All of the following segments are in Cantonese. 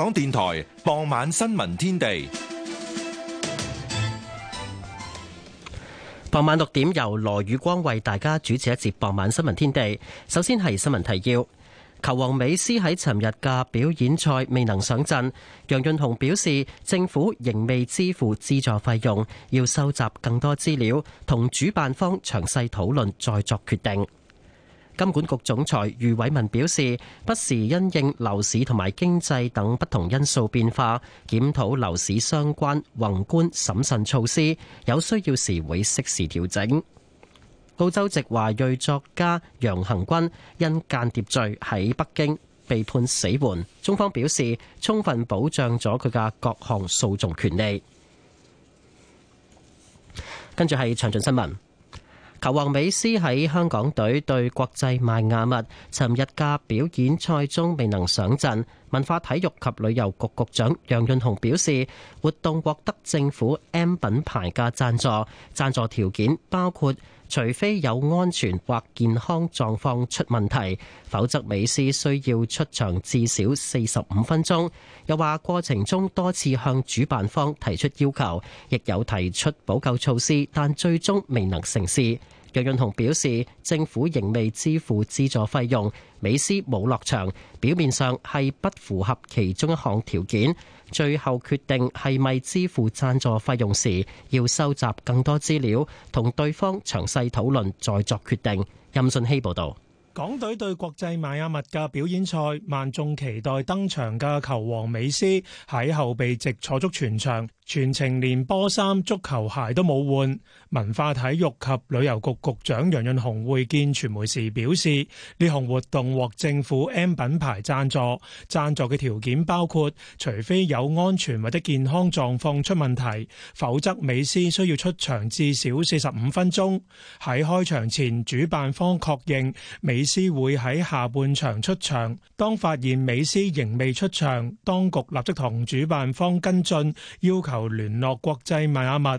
港電台傍晚新聞天地，傍晚六點由羅宇光為大家主持一節傍晚新聞天地。首先係新聞提要，球王美斯喺尋日嘅表演賽未能上陣，楊潤雄表示政府仍未支付資助費用，要收集更多資料同主辦方詳細討論，再作決定。金管局總裁余偉文表示，不時因應樓市同埋經濟等不同因素變化，檢討樓市相關宏觀審慎措施，有需要時會適時調整。澳洲籍華裔作家楊恆軍因間諜罪喺北京被判死緩，中方表示充分保障咗佢嘅各項訴訟權利。跟住係詳盡新聞。球王美斯喺香港隊對國際邁阿密尋日嘅表演賽中未能上陣。文化體育及旅遊局局長楊潤雄表示，活動獲得政府 M 品牌嘅贊助，贊助條件包括，除非有安全或健康狀況出問題，否則美斯需要出場至少四十五分鐘。又話過程中多次向主辦方提出要求，亦有提出補救措施，但最終未能成事。楊潤雄表示，政府仍未支付資助費用，美斯冇落場，表面上係不符合其中一項條件。最後決定係咪支付贊助費用時，要收集更多資料，同對方詳細討論再作決定。任信希報道。港隊對國際邁阿密嘅表演賽，萬眾期待登場嘅球王美斯喺後備席坐足全場，全程連波衫、足球鞋都冇換。文化體育及旅遊局局長楊潤雄會見傳媒時表示，呢項活動獲政府 M 品牌贊助，贊助嘅條件包括，除非有安全或者健康狀況出問題，否則美斯需要出場至少四十五分鐘。喺開場前，主辦方確認美美斯會喺下半場出場，當發現美斯仍未出場，當局立即同主辦方跟進，要求聯絡國際邁阿密。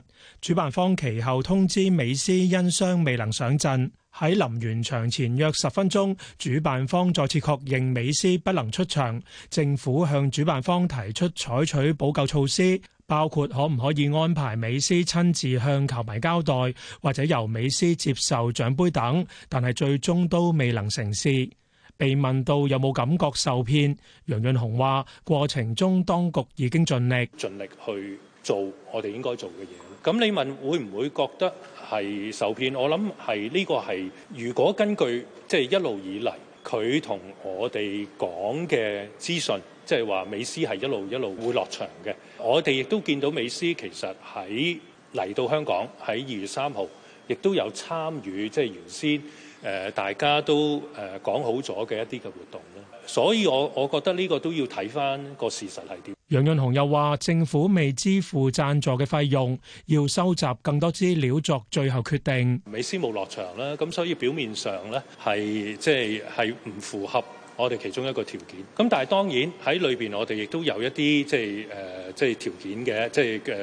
主辦方其後通知美斯因傷未能上陣，喺臨完場前約十分鐘，主辦方再次確認美斯不能出場，政府向主辦方提出採取補救措施。包括可唔可以安排美斯親自向球迷交代，或者由美斯接受獎盃等，但係最終都未能成事。被問到有冇感覺受騙，楊潤雄話：過程中當局已經盡力盡力去做我哋應該做嘅嘢。咁你問會唔會覺得係受騙，我諗，係、這、呢個係如果根據即係、就是、一路以嚟，佢同我哋講嘅資訊。即係話美斯係一路一路會落場嘅，我哋亦都見到美斯其實喺嚟到香港喺二月三號，亦都有參與即係、就是、原先誒大家都誒講好咗嘅一啲嘅活動啦。所以我我覺得呢個都要睇翻個事實係點。楊潤雄又話：政府未支付贊助嘅費用，要收集更多資料作最後決定。美斯冇落場啦，咁所以表面上咧係即係係唔符合。我哋其中一個條件，咁但係當然喺裏邊，我哋亦都有一啲即係誒即係條件嘅，即係誒、呃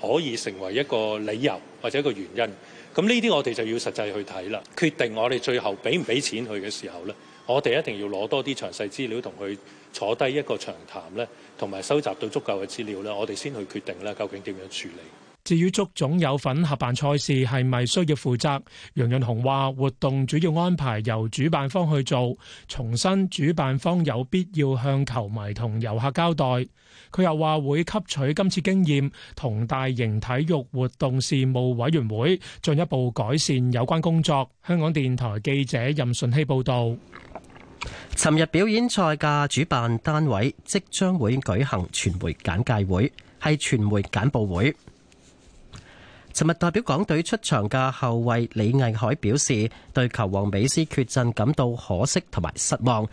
呃、可以成為一個理由或者一個原因。咁呢啲我哋就要實際去睇啦。決定我哋最後俾唔俾錢佢嘅時候咧，我哋一定要攞多啲詳細資料同佢坐低一個詳談咧，同埋收集到足夠嘅資料咧，我哋先去決定咧究竟點樣處理。至於足總有份合辦賽事，係咪需要負責？楊潤雄話：活動主要安排由主辦方去做，重申主辦方有必要向球迷同遊客交代。佢又話會吸取今次經驗，同大型體育活動事務委員會進一步改善有關工作。香港電台記者任順希報導。尋日表演賽嘅主辦單位即將會舉行傳媒簡介會，係傳媒簡報會。尋日代表港隊出場嘅後衛李毅海表示，對球王美斯缺陣感到可惜同埋失望。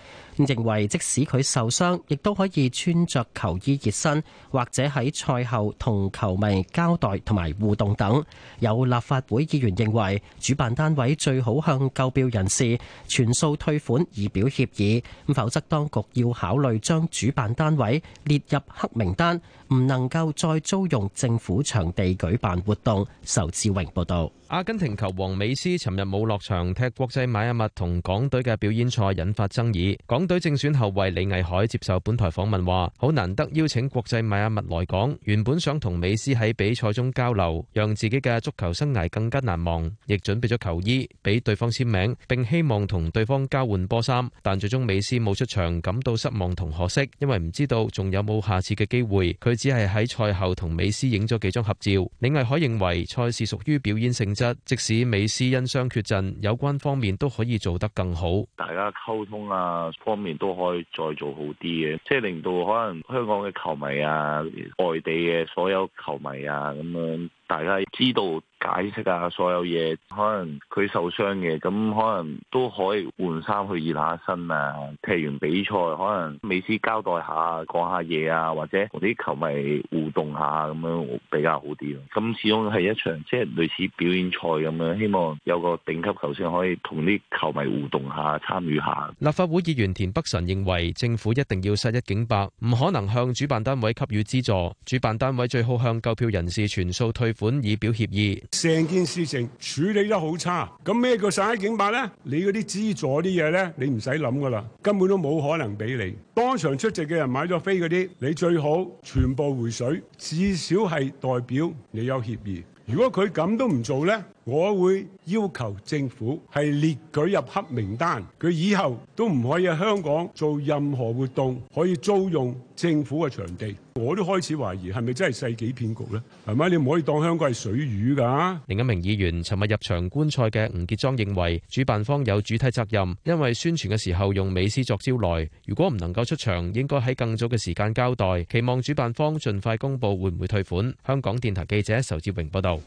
認為即使佢受傷，亦都可以穿着球衣熱身，或者喺賽後同球迷交代同埋互動等。有立法會議員認為，主辦單位最好向購票人士全數退款以表歉意，否則當局要考慮將主辦單位列入黑名單，唔能夠再租用政府場地舉辦活動。仇志榮報道。阿根廷球王美斯尋日冇落場踢國際邁阿密同港隊嘅表演賽，引發爭議。港隊正選後衛李毅凱接受本台訪問話：好難得邀請國際邁阿密來港，原本想同美斯喺比賽中交流，讓自己嘅足球生涯更加難忘。亦準備咗球衣俾對方簽名，並希望同對方交換波衫，但最終美斯冇出場，感到失望同可惜，因為唔知道仲有冇下次嘅機會。佢只係喺賽後同美斯影咗幾張合照。李毅凱認為賽事屬於表演性質，即使美斯因傷缺陣，有關方面都可以做得更好。大家溝通啊，方。方面都可以再做好啲嘅，即係令到可能香港嘅球迷啊，外地嘅所有球迷啊，咁樣。大家知道解釋啊，所有嘢可能佢受傷嘅，咁可能都可以換衫去熱下身啊。踢完比賽，可能美斯交代下，講下嘢啊，或者同啲球迷互動下咁樣比較好啲咯。咁始終係一場即係類似表演賽咁樣，希望有個頂級球星可以同啲球迷互動下、參與下。立法會議員田北辰認為，政府一定要殺一儆百，唔可能向主辦單位給予資助，主辦單位最好向購票人士全數退款以表協議，成件事情處理得好差，咁咩叫晒開警拔咧？你嗰啲資助啲嘢咧，你唔使諗㗎喇，根本都冇可能俾你。當場出席嘅人買咗飛嗰啲，你最好全部回水，至少係代表你有協議。如果佢咁都唔做咧？我會要求政府係列舉入黑名單，佢以後都唔可以喺香港做任何活動，可以租用政府嘅場地。我都開始懷疑係咪真係世紀騙局呢？係咪你唔可以當香港係水魚㗎、啊？另一名議員尋日入場觀賽嘅吳傑莊認為，主辦方有主體責任，因為宣傳嘅時候用美斯作招來，如果唔能夠出場，應該喺更早嘅時間交代。期望主辦方盡快公佈會唔會退款。香港電台記者仇志榮報道。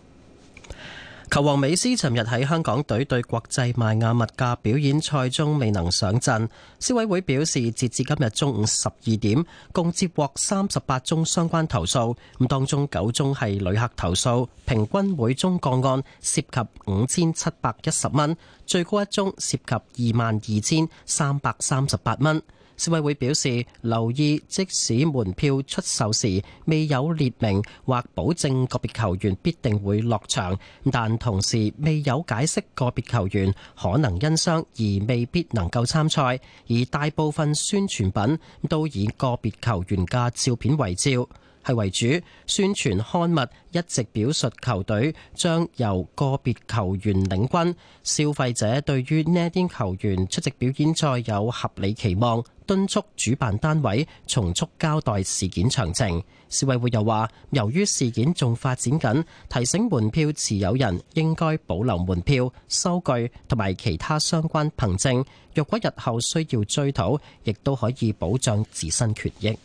球王美斯昨日喺香港隊對國際邁亞物價表演賽中未能上陣，消委會表示，截至今日中午十二點，共接獲三十八宗相關投訴，咁當中九宗係旅客投訴，平均每宗個案涉及五千七百一十蚊，最高一宗涉及二萬二千三百三十八蚊。消委會表示，留意即使門票出售時未有列明或保證個別球員必定會落場，但同時未有解釋個別球員可能因傷而未必能夠參賽，而大部分宣傳品都以個別球員嘅照片為照。係為主宣傳刊物一直表述球隊將由個別球員領軍，消費者對於呢啲球員出席表演賽有合理期望，敦促主辦單位重速交代事件詳情。消委會又話，由於事件仲發展緊，提醒門票持有人應該保留門票、收據同埋其他相關憑證，若果日後需要追討，亦都可以保障自身權益。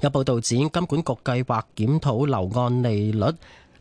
有報道指，金管局計劃檢討樓按利率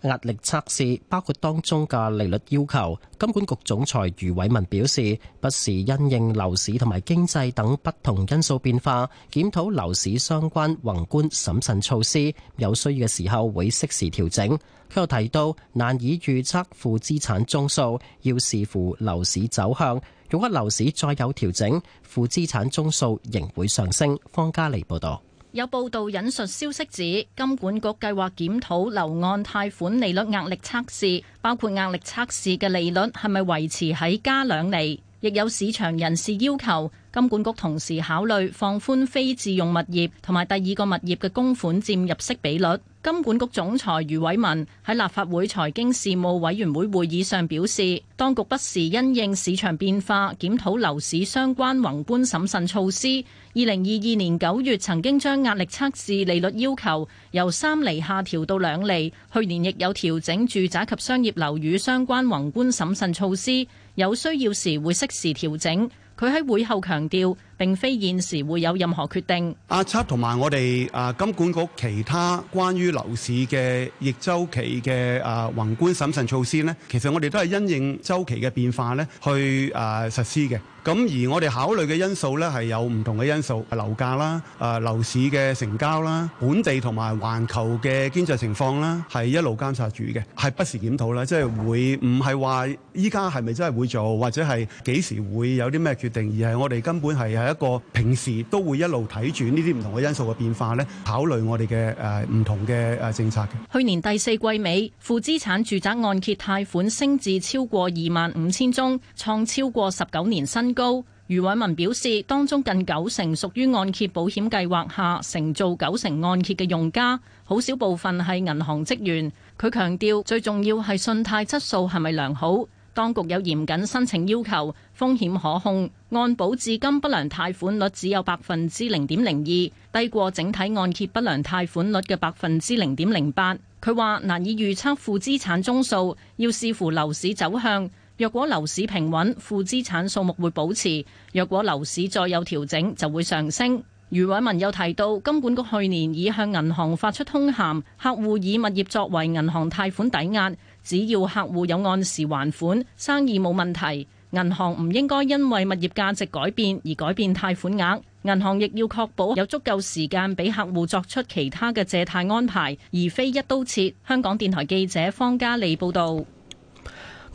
壓力測試，包括當中嘅利率要求。金管局總裁余偉文表示，不時因應樓市同埋經濟等不同因素變化，檢討樓市相關宏觀審慎措施，有需要嘅時候會適時調整。佢又提到，難以預測負資產宗數，要視乎樓市走向。如果樓市再有調整，負資產宗數仍會上升。方家莉報道。有報道引述消息指，金管局計劃檢討樓按貸款利率壓力測試，包括壓力測試嘅利率係咪維持喺加兩厘。亦有市場人士要求。金管局同時考慮放寬非自用物業同埋第二個物業嘅供款佔入息比率。金管局總裁余偉文喺立法會財經事務委員會會議上表示，當局不時因應市場變化，檢討樓市相關宏觀審慎措施。二零二二年九月曾經將壓力測試利率要求由三厘下調到兩厘，去年亦有調整住宅及商業樓宇相關宏觀審慎措施，有需要時會適時調整。佢喺會後強調，並非現時會有任何決定。阿七同埋我哋啊金管局其他關於樓市嘅逆周期嘅啊宏觀審慎措施咧，其實我哋都係因應周期嘅變化咧去誒、呃、實施嘅。咁而我哋考慮嘅因素咧係有唔同嘅因素，樓價啦、啊、呃、樓市嘅成交啦、本地同埋環球嘅經濟情況啦，係一路監察住嘅，係不時檢討啦，即、就、係、是、會唔係話依家係咪真係會做，或者係幾時會有啲咩決定，而係我哋根本係。喺。一個平時都會一路睇住呢啲唔同嘅因素嘅變化咧，考慮我哋嘅誒唔同嘅誒政策嘅。去年第四季尾，負資產住宅按揭貸款升至超過二萬五千宗，創超過十九年新高。余偉文表示，當中近九成屬於按揭保險計劃下承造九成按揭嘅用家，好少部分係銀行職員。佢強調，最重要係信貸質素係咪良好。當局有嚴謹申請要求，風險可控，按保至今不良貸款率只有百分之零點零二，低過整體按揭不良貸款率嘅百分之零點零八。佢話難以預測負資產宗數，要視乎樓市走向。若果樓市平穩，負資產數目會保持；若果樓市再有調整，就會上升。余偉文又提到，金管局去年已向銀行發出通函，客戶以物業作為銀行貸款抵押。只要客戶有按時還款，生意冇問題，銀行唔應該因為物業價值改變而改變貸款額。銀行亦要確保有足夠時間俾客戶作出其他嘅借貸安排，而非一刀切。香港電台記者方嘉利報道。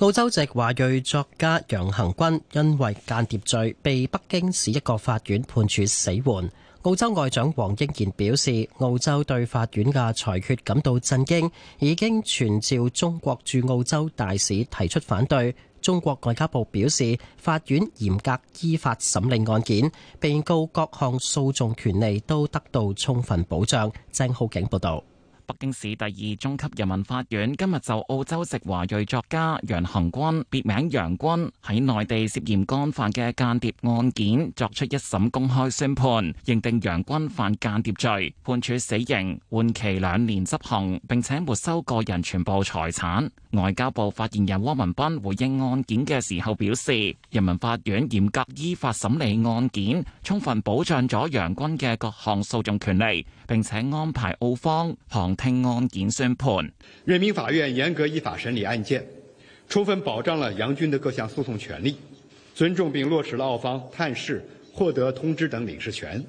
澳洲籍華裔作家楊恒均因為間諜罪被北京市一個法院判處死緩。澳洲外長黃英賢表示，澳洲對法院嘅裁決感到震驚，已經傳召中國駐澳洲大使提出反對。中國外交部表示，法院嚴格依法審理案件，被告各項訴訟權利都得到充分保障。鄭浩景報導。北京市第二中級人民法院今日就澳洲籍華裔作家楊恆軍（別名楊軍）喺內地涉嫌干犯嘅間諜案件作出一審公開宣判，認定楊軍犯間諜罪，判處死刑，緩期兩年執行，並且沒收個人全部財產。外交部發言人汪文斌回應案件嘅時候表示，人民法院嚴格依法審理案件，充分保障咗楊軍嘅各項訴訟權利，並且安排澳方行，聽案件宣判，人民法院嚴格依法審理案件，充分保障了楊軍的各項訴訟權利，尊重並落實了澳方探視、獲得通知等領事權，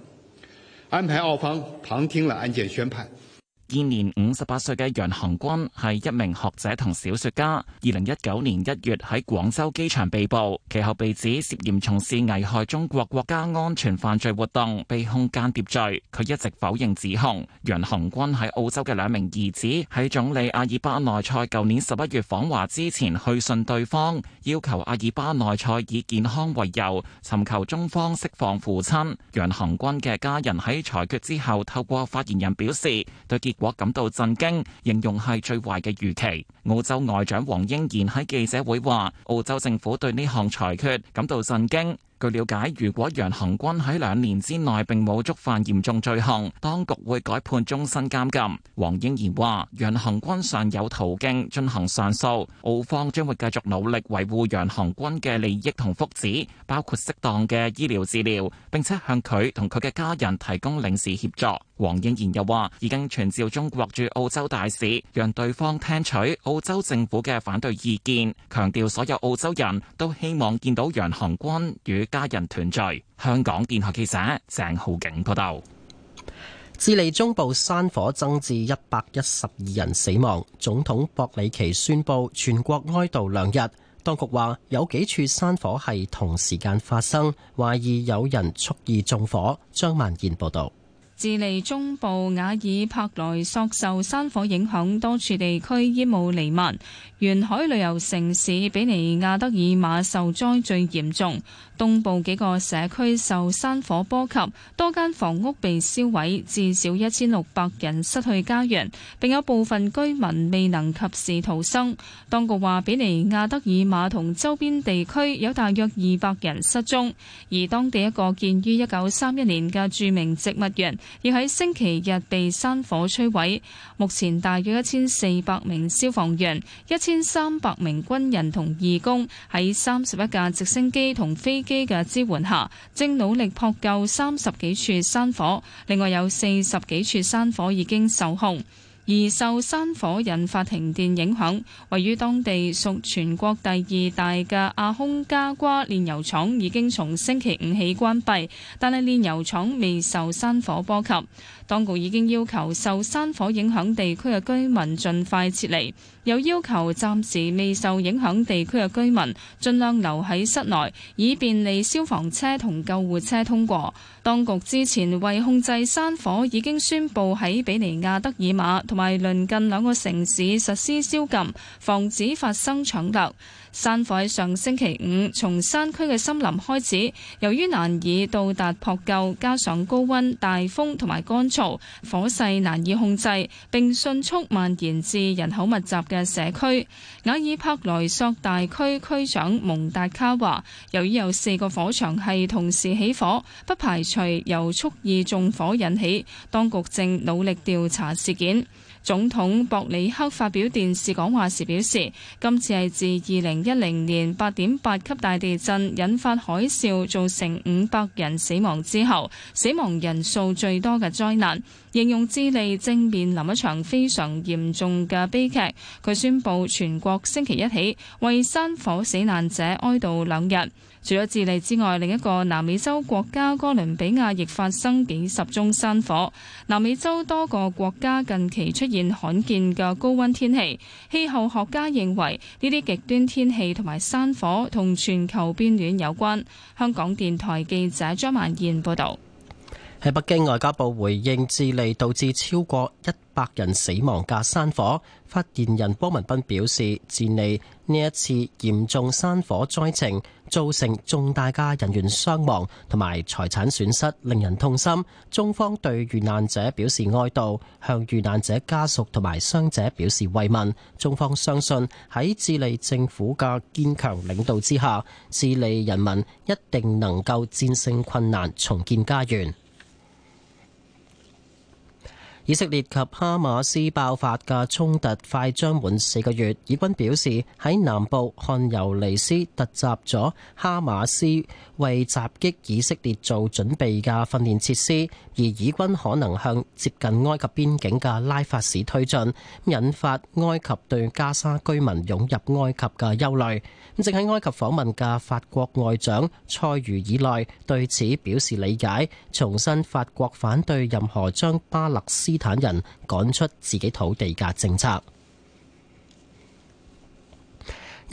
安排澳方旁聽了案件宣判。現年五十八歲嘅楊恒均係一名學者同小說家。二零一九年一月喺廣州機場被捕，其後被指涉嫌從事危害中國國家安全犯罪活動，被控間諜罪。佢一直否認指控。楊恒均喺澳洲嘅兩名兒子喺總理阿爾巴內塞舊年十一月訪華之前，去信對方，要求阿爾巴內塞以健康為由，尋求中方釋放父親。楊恒均嘅家人喺裁決之後，透過發言人表示對結。我感到震驚，形容係最壞嘅預期。澳洲外長黃英賢喺記者會話澳洲政府對呢項裁決感到震驚。據了解，如果楊恆均喺兩年之內並冇觸犯嚴重罪行，當局會改判終身監禁。黃英賢話楊恆均尚有途徑進行上訴，澳方將會繼續努力維護楊恆均嘅利益同福祉，包括適當嘅醫療治療，並且向佢同佢嘅家人提供領事協助。黃英賢又話已經傳召中國駐澳洲大使，讓對方聽取。澳。澳洲政府嘅反對意見，強調所有澳洲人都希望見到楊恒均與家人團聚。香港電台記者鄭浩景報道。智利中部山火增至一百一十二人死亡，總統博里奇宣布全國哀悼兩日。當局話有幾處山火係同時間發生，懷疑有人蓄意縱火。張曼燕報道。智利中部瓦爾帕萊索受山火影響，多處地區煙霧瀰漫。沿海旅遊城市比尼亞德爾馬受災最嚴重，東部幾個社區受山火波及，多間房屋被燒毀，至少一千六百人失去家園，並有部分居民未能及時逃生。當局話，比尼亞德爾馬同周邊地區有大約二百人失蹤，而當地一個建於一九三一年嘅著名植物園，而喺星期日被山火摧毀，目前大約一千四百名消防員、一千三百名軍人同義工喺三十一架直升機同飛機嘅支援下，正努力撲救三十幾處山火，另外有四十幾處山火已經受控。而受山火引發停電影響，位於當地屬全國第二大嘅阿空加瓜煉油廠已經從星期五起關閉，但係煉油廠未受山火波及。當局已經要求受山火影響地區嘅居民盡快撤離，又要求暫時未受影響地區嘅居民盡量留喺室內，以便利消防車同救護車通過。當局之前為控制山火，已經宣布喺比尼亞德爾馬同埋鄰近兩個城市實施宵禁，防止發生搶掠。山火喺上星期五從山區嘅森林開始，由於難以到達撲救，加上高溫、大風同埋乾燥，火勢難以控制，並迅速蔓延至人口密集嘅社區，瓦爾帕萊索大區區長蒙達卡話，由於有四個火場係同時起火，不排除由蓄意縱火引起，當局正努力調查事件。總統博里克發表電視講話時表示，今次係自二零一零年八點八級大地震引發海嘯，造成五百人死亡之後，死亡人數最多嘅災難。形容智利正面臨一場非常嚴重嘅悲劇。佢宣布全國星期一起，為山火死難者哀悼兩日。除咗智利之外，另一個南美洲國家哥倫比亞亦發生幾十宗山火。南美洲多個國家近期出現罕見嘅高溫天氣，氣候學家認為呢啲極端天氣同埋山火同全球變暖有關，香港電台記者張萬燕報道。喺北京外交部回應智利導致超過一百人死亡嘅山火，發言人汪文斌表示：智利呢一次嚴重山火災情造成重大嘅人員傷亡同埋財產損失，令人痛心。中方對遇難者表示哀悼，向遇難者家屬同埋傷者表示慰問。中方相信喺智利政府嘅堅強領導之下，智利人民一定能夠戰勝困難，重建家園。以色列及哈馬斯爆發嘅衝突快將滿四個月，以軍表示喺南部漢尤尼斯突襲咗哈馬斯為襲擊以色列做準備嘅訓練設施。而以軍可能向接近埃及邊境嘅拉法市推進，引發埃及對加沙居民湧入埃及嘅憂慮。正喺埃及訪問嘅法國外長塞茹爾內對此表示理解，重申法國反對任何將巴勒斯坦人趕出自己土地嘅政策。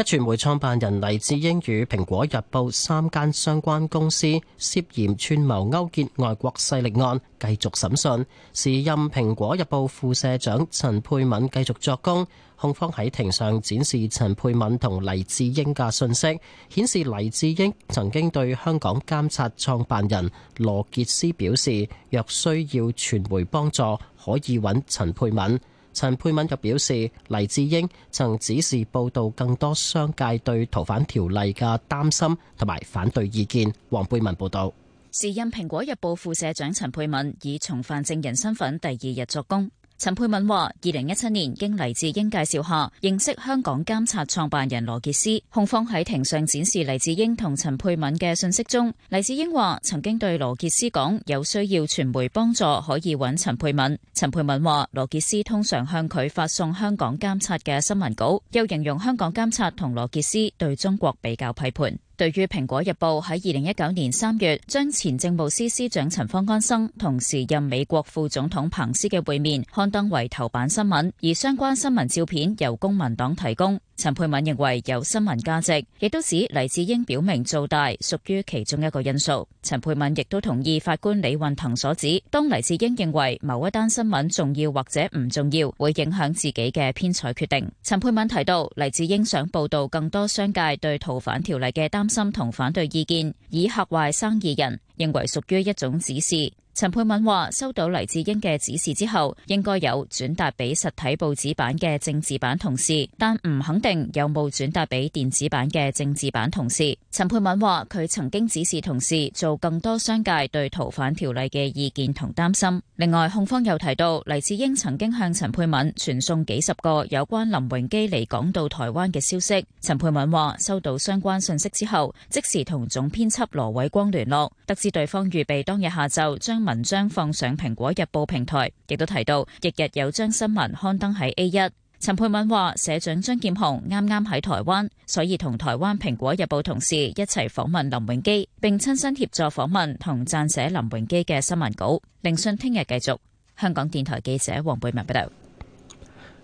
傳媒創辦人黎智英與《蘋果日報》三間相關公司涉嫌串謀勾結外國勢力案繼續審訊，時任《蘋果日報》副社長陳佩敏繼續作供。控方喺庭上展示陳佩敏同黎智英嘅信息，顯示黎智英曾經對香港監察創辦人羅傑斯表示，若需要傳媒幫助，可以搵陳佩敏。陳佩敏就表示，黎智英曾指示報道更多商界對逃犯條例嘅擔心同埋反對意見。黃佩文報道，時任蘋果日報副社長陳佩敏以從犯證人身份第二日作供。陳佩敏話，二零一七年經黎智英介紹下認識香港監察創辦人羅傑斯。控方喺庭上展示黎智英同陳佩敏嘅信息中，黎智英話曾經對羅傑斯講有需要傳媒幫助可以揾陳佩敏。陳佩敏話羅傑斯通常向佢發送香港監察嘅新聞稿，又形容香港監察同羅傑斯對中國比較批判。對於《蘋果日報》喺二零一九年三月將前政務司司長陳方安生同時任美國副總統彭斯嘅會面刊登為頭版新聞，而相關新聞照片由公民黨提供。陳佩敏認為有新聞價值，亦都指黎智英表明做大屬於其中一個因素。陳佩敏亦都同意法官李運騰所指，當黎智英認為某一單新聞重要或者唔重要，會影響自己嘅編採決定。陳佩敏提到，黎智英想報導更多商界對逃犯條例嘅擔心同反對意見，以嚇壞生意人。認為屬於一種指示。陳佩敏話：收到黎智英嘅指示之後，應該有轉達俾實體報紙版嘅政治版同事，但唔肯定有冇轉達俾電子版嘅政治版同事。陳佩敏話：佢曾經指示同事做更多商界對逃犯條例嘅意見同擔心。另外，控方又提到，黎智英曾經向陳佩敏傳送幾十個有關林榮基離港到台灣嘅消息。陳佩敏話：收到相關信息之後，即時同總編輯羅偉光聯絡，特對方預備當日下晝將文章放上蘋果日報平台，亦都提到翌日有將新聞刊登喺 A 一。陳佩敏話：社長張劍虹啱啱喺台灣，所以同台灣蘋果日報同事一齊訪問林榮基，並親身協助訪問同撰寫林榮基嘅新聞稿。聆訊聽日繼續。香港電台記者黃佩文報道。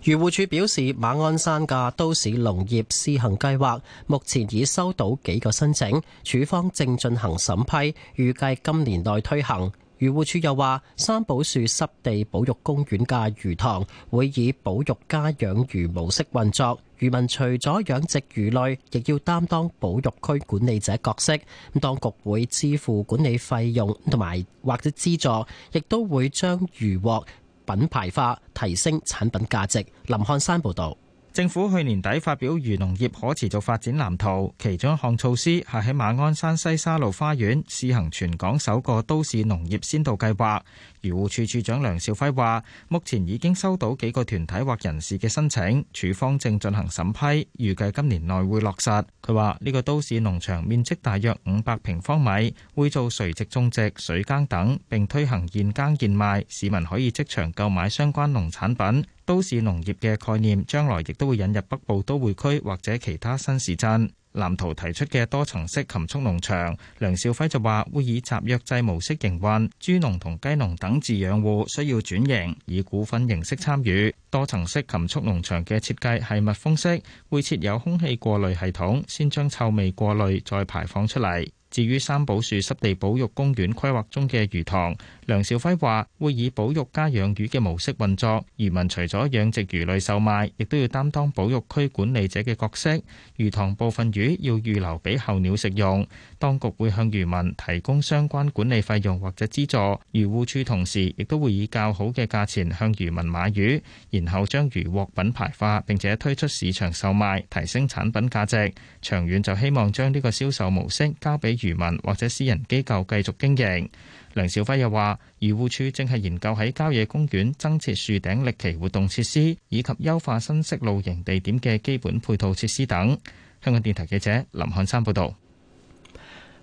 漁護署表示，馬鞍山嘅都市農業試行計劃目前已收到幾個申請，署方正進行審批，預計今年內推行。漁護署又話，三寶樹濕地保育公園嘅魚塘會以保育加養魚模式運作，漁民除咗養殖魚類，亦要擔當保育區管理者角色。當局會支付管理費用，同埋或者資助，亦都會將漁獲。品牌化，提升產品價值。林漢山報道。政府去年底發表《漁農業可持續發展藍圖》，其中一項措施係喺馬鞍山西沙路花園試行全港首個都市農業先導計劃。漁護署署長梁少輝話，目前已經收到幾個團體或人士嘅申請，處方正進行審批，預計今年內會落實。佢話呢個都市農場面積大約五百平方米，會做垂直種植、水耕等，並推行現耕現賣，市民可以即場購買相關農產品。都市農業嘅概念，將來亦都會引入北部都會區或者其他新市鎮。藍圖提出嘅多層式禽畜農場，梁少輝就話會以集約制模式營運，豬農同雞農等飼養戶需要轉型，以股份形式參與。多層式禽畜農場嘅設計係密封式，會設有空氣過濾系統，先將臭味過濾，再排放出嚟。至於三寶樹濕地保育公園規劃中嘅魚塘，梁兆輝話會以保育加養魚嘅模式運作，漁民除咗養殖魚類售賣，亦都要擔當保育區管理者嘅角色。魚塘部分魚要預留俾候鳥食用，當局會向漁民提供相關管理費用或者資助。漁護署同時亦都會以較好嘅價錢向漁民買魚，然後將魚獲品牌化並且推出市場售賣，提升產品價值。長遠就希望將呢個銷售模式交俾漁民或者私人機構繼續經營。梁兆輝又話漁護署正係研究喺郊野公園增設樹頂歷奇活動設施，以及優化新式露營地點嘅基本配套設施等。香港電台記者林漢山報道。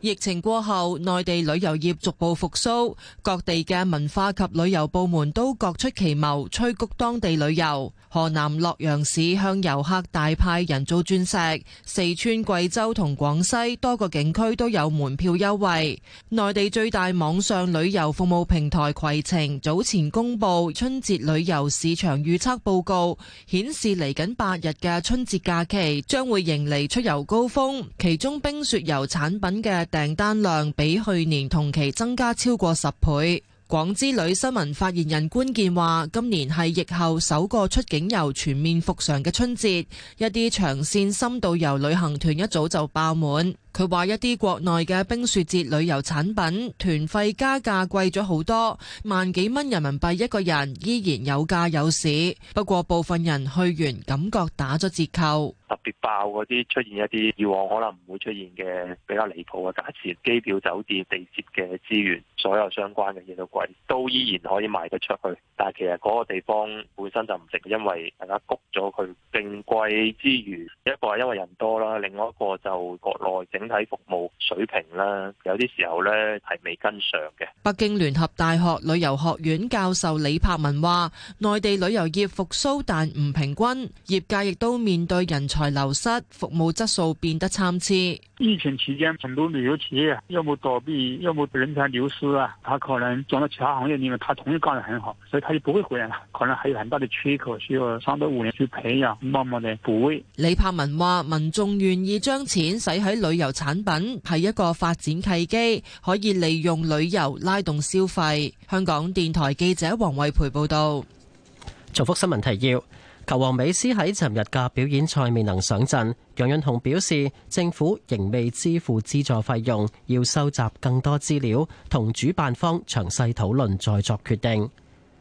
疫情過後，內地旅遊業逐步復甦，各地嘅文化及旅遊部門都各出奇謀，催谷當地旅遊。河南洛陽市向遊客大派人造鑽石，四川、貴州同廣西多個景區都有門票優惠。內地最大網上旅遊服務平台攜程早前公布春節旅遊市場預測報告，顯示嚟緊八日嘅春節假期將會迎嚟出遊高峰，其中冰雪遊產品嘅訂單量比去年同期增加超過十倍。廣之旅新聞發言人官健話，今年係疫後首個出境遊全面復常嘅春節，一啲長線深度遊旅行團一早就爆滿。佢話一啲國內嘅冰雪節旅遊產品團費加價貴咗好多，萬幾蚊人民幣一個人，依然有價有市。不過部分人去完感覺打咗折扣，特別爆嗰啲出現一啲以往可能唔會出現嘅比較離譜嘅價錢，機票、酒店、地接嘅資源，所有相關嘅嘢都貴都依然可以賣得出去。但係其實嗰個地方本身就唔值，因為大家谷咗佢，勁貴之餘一個係因為人多啦，另外一個就國內整。喺服務水平咧，有啲時候呢係未跟上嘅。北京聯合大學旅遊學院教授李柏文話：，內地旅遊業復蘇但唔平均，業界亦都面對人才流失，服務質素變得參差。疫情期間，很多旅遊企業要麼倒閉，要麼人才流失啊！他可能轉到其他行業裏面，他同樣幹得很好，所以他就不會回來了。可能還有很大的缺口，需要三多五年去培養，慢慢地補。李柏文話：，民眾願意將錢使喺旅遊。產品係一個發展契機，可以利用旅遊拉動消費。香港電台記者黃惠培報道。重複新聞提要：球王美斯喺尋日嘅表演賽未能上陣，楊潤雄表示政府仍未支付資助費用，要收集更多資料同主辦方詳細討論再作決定。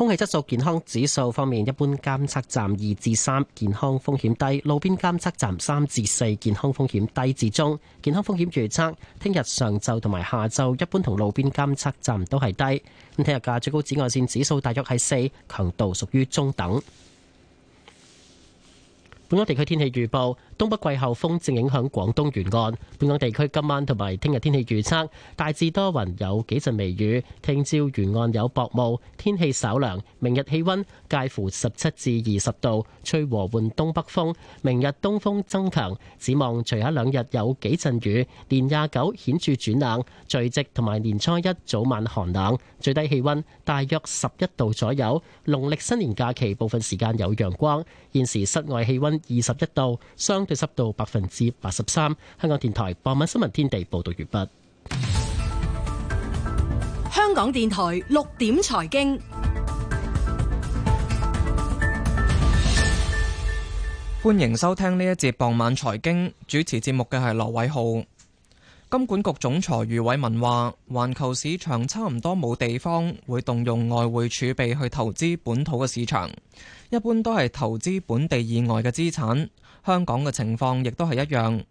空氣質素健康指數方面，一般監測站二至三，健康風險低；路邊監測站三至四，健康風險低至中。健康風險預測，聽日上晝同埋下晝，一般同路邊監測站都係低。咁聽日嘅最高紫外線指數大約係四，強度屬於中等。本港地區天氣預報，東北季候風正影響廣東沿岸。本港地區今晚同埋聽日天氣預測，大致多雲，有幾陣微雨。聽朝沿岸有薄霧，天氣稍涼，明日氣溫介乎十七至二十度，吹和緩東北風，明日東風增強，展望隨後兩日有幾陣雨。年廿九顯著轉冷，除夕同埋年初一早晚寒冷，最低氣溫大約十一度左右。農曆新年假期部分時間有陽光。現時室外氣溫，二十一度，相對濕度百分之八十三。香港電台傍晚新聞天地報道完畢。香港電台六點財經，歡迎收聽呢一節傍晚財經，主持節目嘅係羅偉浩。金管局總裁余偉文話：環球市場差唔多冇地方會動用外匯儲備去投資本土嘅市場。一般都係投資本地以外嘅資產，香港嘅情況亦都係一樣。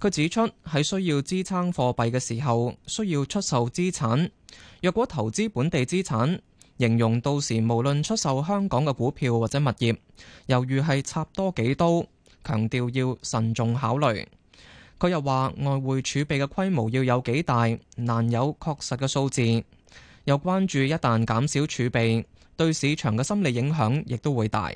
佢指出喺需要支撐貨幣嘅時候，需要出售資產。若果投資本地資產，形容到時無論出售香港嘅股票或者物業，猶如係插多幾刀。強調要慎重考慮。佢又話外匯儲備嘅規模要有幾大，難有確實嘅數字。又關注一旦減少儲備，對市場嘅心理影響亦都會大。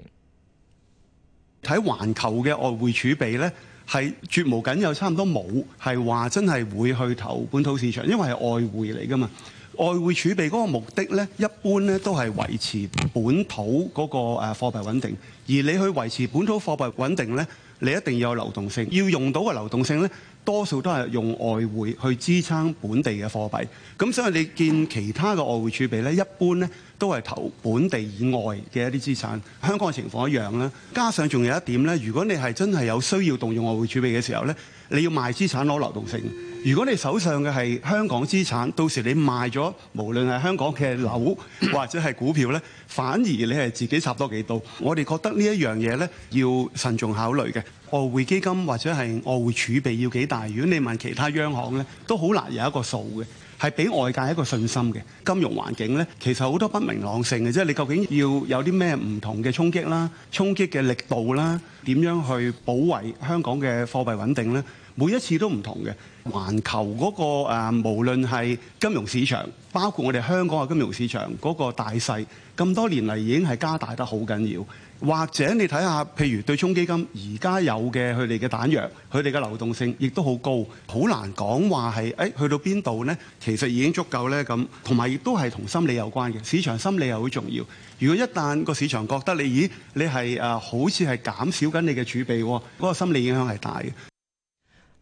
睇環球嘅外匯儲備呢係絕無僅有，差唔多冇係話真係會去投本土市場，因為係外匯嚟㗎嘛。外匯儲備嗰個目的呢一般呢都係維持本土嗰個誒貨幣穩定。而你去維持本土貨幣穩定呢你一定要有流動性，要用到嘅流動性呢。多數都係用外匯去支撐本地嘅貨幣，咁所以你見其他嘅外匯儲備咧，一般咧都係投本地以外嘅一啲資產。香港嘅情況一樣啦，加上仲有一點咧，如果你係真係有需要動用外匯儲備嘅時候咧，你要賣資產攞流動性。如果你手上嘅係香港資產，到時你賣咗，無論係香港嘅樓或者係股票咧，反而你係自己插多幾刀。我哋覺得呢一樣嘢咧，要慎重考慮嘅。外匯基金或者係外匯儲備要幾大？如果你問其他央行咧，都好難有一個數嘅，係俾外界一個信心嘅。金融環境咧，其實好多不明朗性嘅，即係你究竟要有啲咩唔同嘅衝擊啦，衝擊嘅力度啦，點樣去保衞香港嘅貨幣穩定咧？每一次都唔同嘅。環球嗰個誒，無論係金融市場，包括我哋香港嘅金融市場嗰個大勢，咁多年嚟已經係加大得好緊要。或者你睇下，譬如對沖基金而家有嘅佢哋嘅彈藥，佢哋嘅流動性亦都好高，好難講話係誒去到邊度呢？其實已經足夠呢。咁，同埋亦都係同心理有關嘅。市場心理又好重要。如果一旦個市場覺得你咦你係誒好似係減少緊你嘅儲備，嗰個心理影響係大嘅。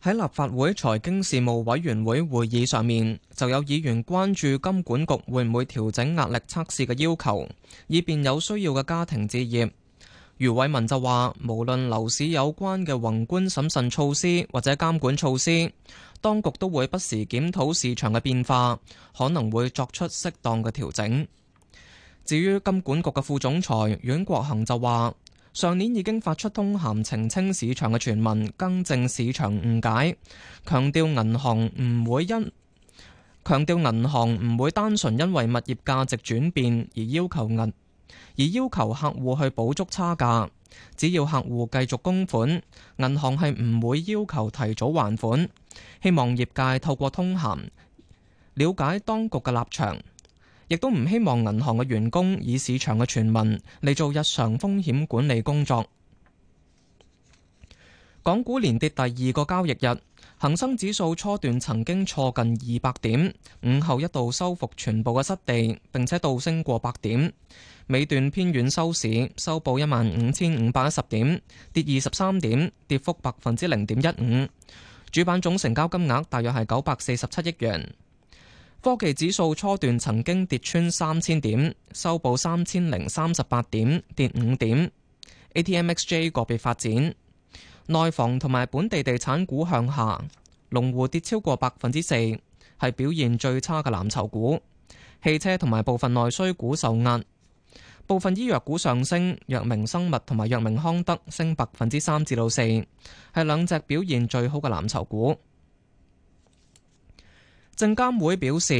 喺立法會財經事務委員會會議上面，就有議員關注金管局會唔會調整壓力測試嘅要求，以便有需要嘅家庭置業。余偉文就話，無論樓市有關嘅宏觀審慎措施或者監管措施，當局都會不時檢討市場嘅變化，可能會作出適當嘅調整。至於金管局嘅副總裁阮國恒就話，上年已經發出通函澄清市場嘅傳聞，更正市場誤解，強調銀行唔會因強調銀行唔會單純因為物業價值轉變而要求銀。而要求客戶去補足差價，只要客戶繼續供款，銀行係唔會要求提早還款。希望業界透過通函了解當局嘅立場，亦都唔希望銀行嘅員工以市場嘅傳聞嚟做日常風險管理工作。港股連跌第二個交易日。恒生指數初段曾經挫近二百點，午後一度收復全部嘅失地，並且倒升過百點，尾段偏軟收市，收報一萬五千五百一十點，跌二十三點，跌幅百分之零點一五。主板總成交金額大約係九百四十七億元。科技指數初段曾經跌穿三千點，收報三千零三十八點，跌五點。ATMXJ 個別發展。內房同埋本地地產股向下，龍湖跌超過百分之四，係表現最差嘅藍籌股。汽車同埋部分內需股受壓，部分醫藥股上升，藥明生物同埋藥明康德升百分之三至到四，係兩隻表現最好嘅藍籌股。證監會表示，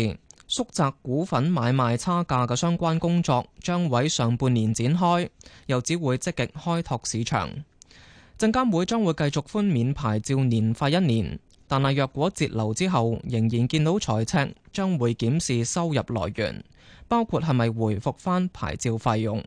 縮窄股份買賣差價嘅相關工作將喺上半年展開，又只會積極開拓市場。證監會將會繼續寬免牌照年費一年，但係若果截留之後仍然見到財赤，將會檢視收入來源，包括係咪回復翻牌照費用。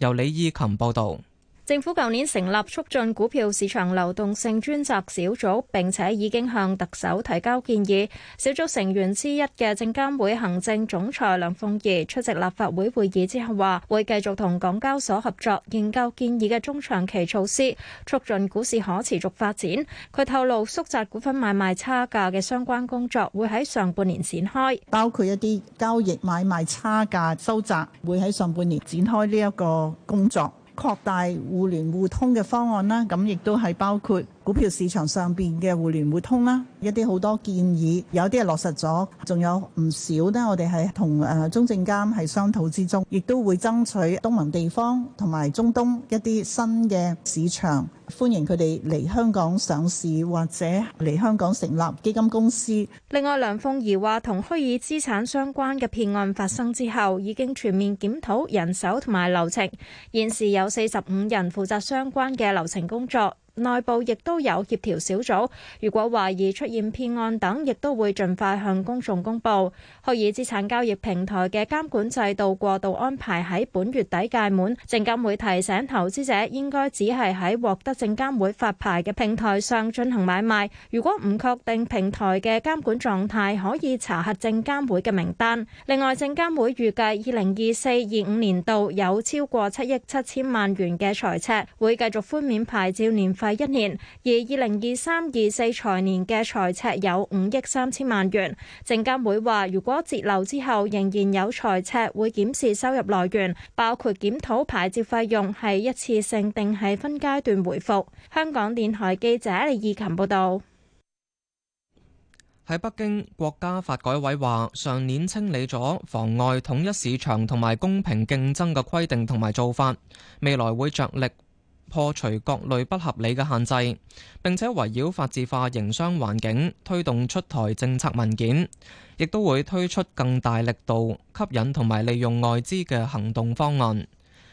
由李依琴報道。政府舊年成立促進股票市場流動性專責小組，並且已經向特首提交建議。小組成員之一嘅證監會行政總裁梁鳳儀出席立法會會議之後，話會繼續同港交所合作研究建議嘅中長期措施，促進股市可持續發展。佢透露，縮窄股份買賣差價嘅相關工作會喺上半年展開，包括一啲交易買賣差價收窄會喺上半年展開呢一個工作。擴大互聯互通嘅方案啦，咁亦都係包括。股票市場上邊嘅互聯互通啦，一啲好多建議，有啲係落實咗，仲有唔少咧。我哋係同誒中證監係商討之中，亦都會爭取東盟地方同埋中東一啲新嘅市場，歡迎佢哋嚟香港上市或者嚟香港成立基金公司。另外，梁鳳儀話同虛擬資產相關嘅騙案發生之後已經全面檢討人手同埋流程，現時有四十五人負責相關嘅流程工作。內部亦都有協調小組，如果懷疑出現騙案等，亦都會盡快向公眾公佈。虛擬資產交易平台嘅監管制度過渡安排喺本月底屆滿，證監會提醒投資者應該只係喺獲得證監會發牌嘅平台上進行買賣。如果唔確定平台嘅監管狀態，可以查核證監會嘅名單。另外，證監會預計二零二四、二五年度有超過七億七千萬元嘅財赤，會繼續寬免牌照年費。快一年，而二零二三二四財年嘅財赤有五億三千萬元。證監會話，如果截流之後仍然有財赤，會檢視收入來源，包括檢討牌照費用係一次性定係分階段回復。香港電台記者李義勤報道。喺北京，國家發改委話上年清理咗妨礙統一市場同埋公平競爭嘅規定同埋做法，未來會着力。破除各類不合理嘅限制，並且圍繞法治化營商環境推動出台政策文件，亦都會推出更大力度吸引同埋利用外資嘅行動方案。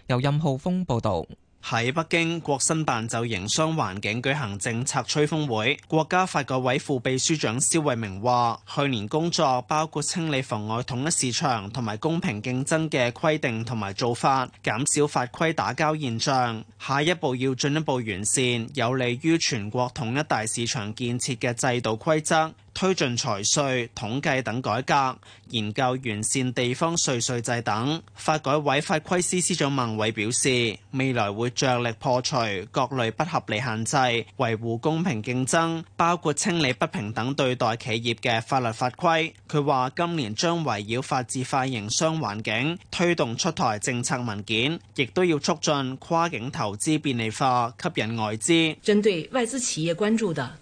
由任浩峰報道。喺北京，國新辦就營商環境舉行政策吹風會。國家發改委副秘書長肖渭明話，去年工作包括清理妨礙統一市場同埋公平競爭嘅規定同埋做法，減少法規打交現象。下一步要進一步完善有利於全國統一大市場建設嘅制度規則。推進財稅、統計等改革，研究完善地方稅稅制等。發改委法規司司長孟偉表示，未來會着力破除各類不合理限制，維護公平競爭，包括清理不平等對待企業嘅法律法規。佢話今年將圍繞法治化營商環境，推動出台政策文件，亦都要促進跨境投資便利化，吸引外資。針對外資企業關注的。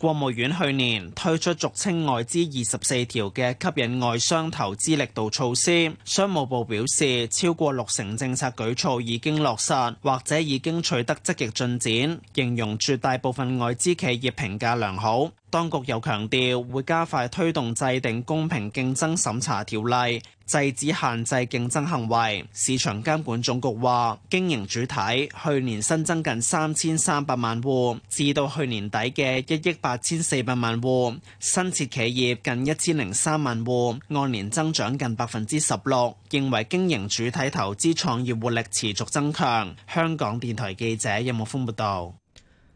國務院去年推出俗稱外資二十四條嘅吸引外商投資力度措施，商務部表示超過六成政策舉措已經落實或者已經取得積極進展，形容絕大部分外資企業評價良好。當局又強調會加快推動制定公平競爭審查條例，制止限制競爭行為。市場監管總局話，經營主體去年新增近三千三百萬戶，至到去年底嘅一億八。八千四百萬戶，新設企業近一千零三萬戶，按年增長近百分之十六，認為經營主體投資創業活力持續增強。香港電台記者任木峰報道。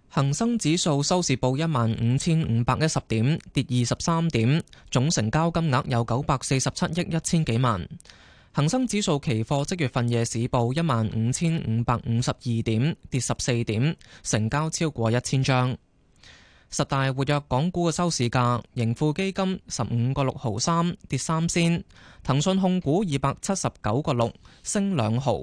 恒生指數收市報一萬五千五百一十點，跌二十三點，總成交金額有九百四十七億一千幾萬。恒生指數期貨即月份夜市報一萬五千五百五十二點，跌十四點，成交超過一千張。十大活躍港股嘅收市價，盈富基金十五個六毫三跌三仙，騰訊控股二百七十九個六升兩毫，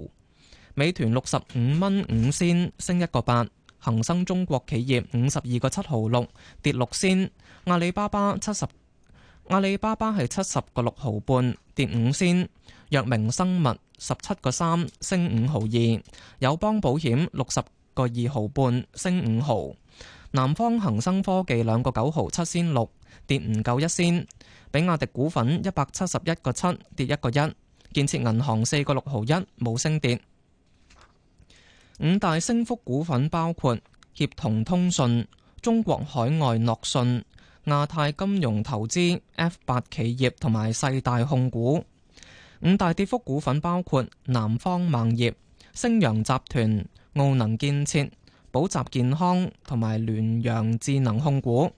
美團六十五蚊五仙升一個八，恒生中國企業五十二個七毫六跌六仙，阿里巴巴七十阿里巴巴係七十個六毫半跌五仙，藥明生物十七個三升五毫二，友邦保險六十個二毫半升五毫。南方恒生科技兩個九毫七仙六，跌唔夠一仙。比亞迪股份一百七十一個七，跌一個一。建設銀行四個六毫一，冇升跌。五大升幅股份包括協同通訊、中國海外、諾信、亞太金融投資、F 八企業同埋世大控股。五大跌幅股份包括南方孟業、星陽集團、奧能建設。寶澤健康同埋聯洋智能控股。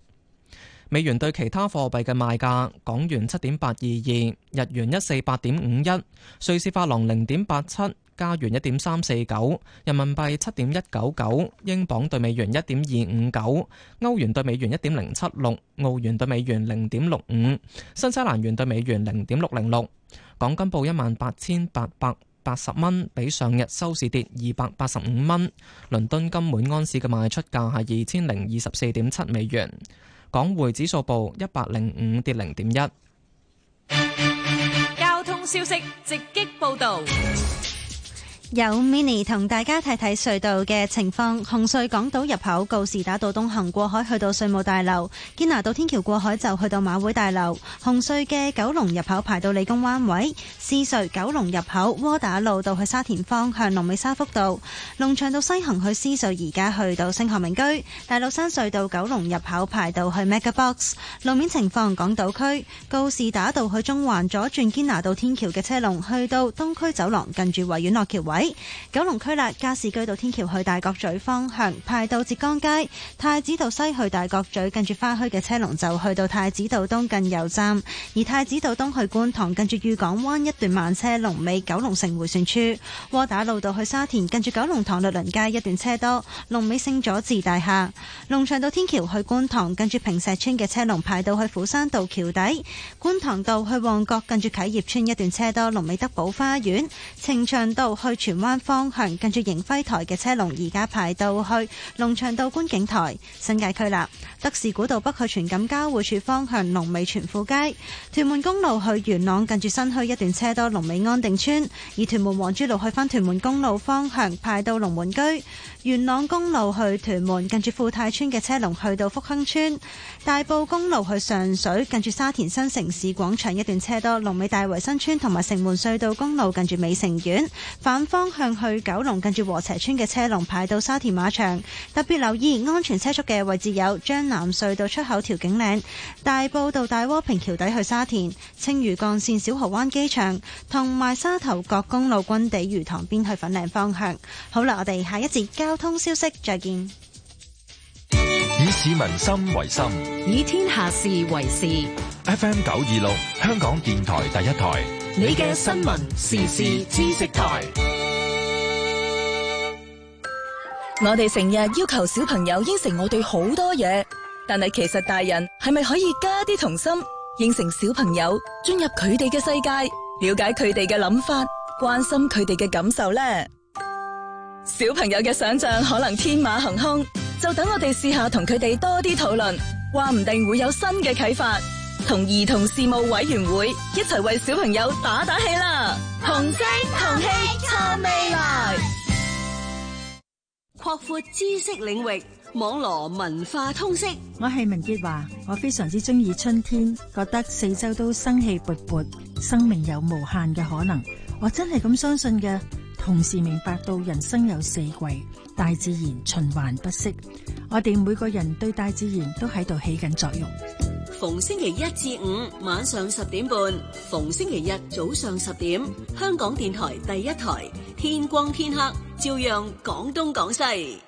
美元對其他貨幣嘅賣價：港元七點八二二，日元一四八點五一，瑞士法郎零點八七，加元一點三四九，人民幣七點一九九，英鎊對美元一點二五九，歐元對美元一點零七六，澳元對美元零點六五，新西蘭元對美元零點六零六。港金報一萬八千八百。八十蚊，比上日收市跌二百八十五蚊。倫敦金每安士嘅賣出價係二千零二十四點七美元。港匯指數報一百零五，跌零點一。交通消息直擊報道。有 mini 同大家睇睇隧道嘅情況。紅隧港島入口告士打道東行過海去到稅務大樓，堅拿道天橋過海就去到馬會大樓。紅隧嘅九龍入口排到理工彎位。獅隧九龍入口窩打老道去沙田方向龍尾沙福道。龍翔道西行去獅隧而家去到星河名居。大老山隧道九龍入口排到去 mega box。路面情況，港島區告士打道去中環左轉堅拿道天橋嘅車龍去到東區走廊近住維園落橋位。九龍區啦，加士居道天橋去大角咀方向排到浙江街，太子道西去大角咀近住花墟嘅車龍就去到太子道東近油站，而太子道東去觀塘近住御港灣一段慢車龍尾九龍城回旋處，窩打老道去沙田近住九龍塘律倫街一段車多，龍尾聖佐治大廈，龍翔道天橋去觀塘近住平石村嘅車龍排到去斧山道橋底，觀塘道去旺角近住啟業村一段車多，龍尾德寶花園，呈祥道去荃灣方向，近住盈輝台嘅車龍而家排到去龍翔道觀景台，新界區啦。德士古道北去荃錦交匯處方向，龍尾全富街。屯門公路去元朗，近住新墟一段車多，龍尾安定村。而屯門黃珠路去返屯門公路方向，排到龍門居。元朗公路去屯門，近住富泰村嘅車龍去到福亨村。大埔公路去上水，近住沙田新城市廣場一段車多，龍尾大圍新村同埋城門隧道公路近住美城苑反方向去九龍，近住禾輋邨嘅車龍排到沙田馬場。特別留意安全車速嘅位置有將藍隧道出口、調景嶺、大埔道大窩坪橋底去沙田、青嶼幹線小蠔灣機場同埋沙頭角公路軍地魚塘邊去粉嶺方向。好啦，我哋下一節交通消息再見。以市民心為心，以天下事為事。FM 九二六，香港電台第一台。你嘅新聞時事知識台，我哋成日要求小朋友應承我哋好多嘢，但係其實大人係咪可以加啲童心，應承小朋友，進入佢哋嘅世界，了解佢哋嘅諗法，關心佢哋嘅感受呢？小朋友嘅想象可能天馬行空，就等我哋試下同佢哋多啲討論，話唔定會有新嘅啟發。同兒童事務委員會一齊為小朋友打打氣啦！同聲同氣創氣未來，擴闊知識領域，網羅文化通識。我係文潔華，我非常之中意春天，覺得四周都生氣勃勃，生命有無限嘅可能。我真係咁相信嘅，同時明白到人生有四季，大自然循環不息。我哋每個人對大自然都喺度起緊作用。逢星期一至五晚上十點半，逢星期日早上十點，香港電台第一台，天光天黑照樣講東講西。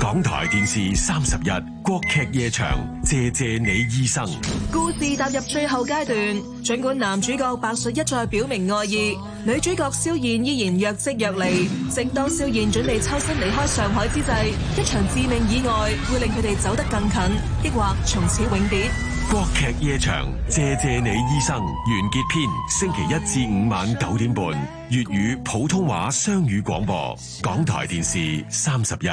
港台電視三十日國劇夜長，謝謝你醫生。故事踏入最後階段，儘管男主角白朮一再表明愛意，女主角蕭燕依然若即若離。正當蕭燕準備抽身離開上海之際，一場致命意外會令佢哋走得更近，抑或從此永別？國劇夜場，謝謝你醫生完結篇。星期一至五晚九點半，粵語普通話雙語廣播，港台電視三十一。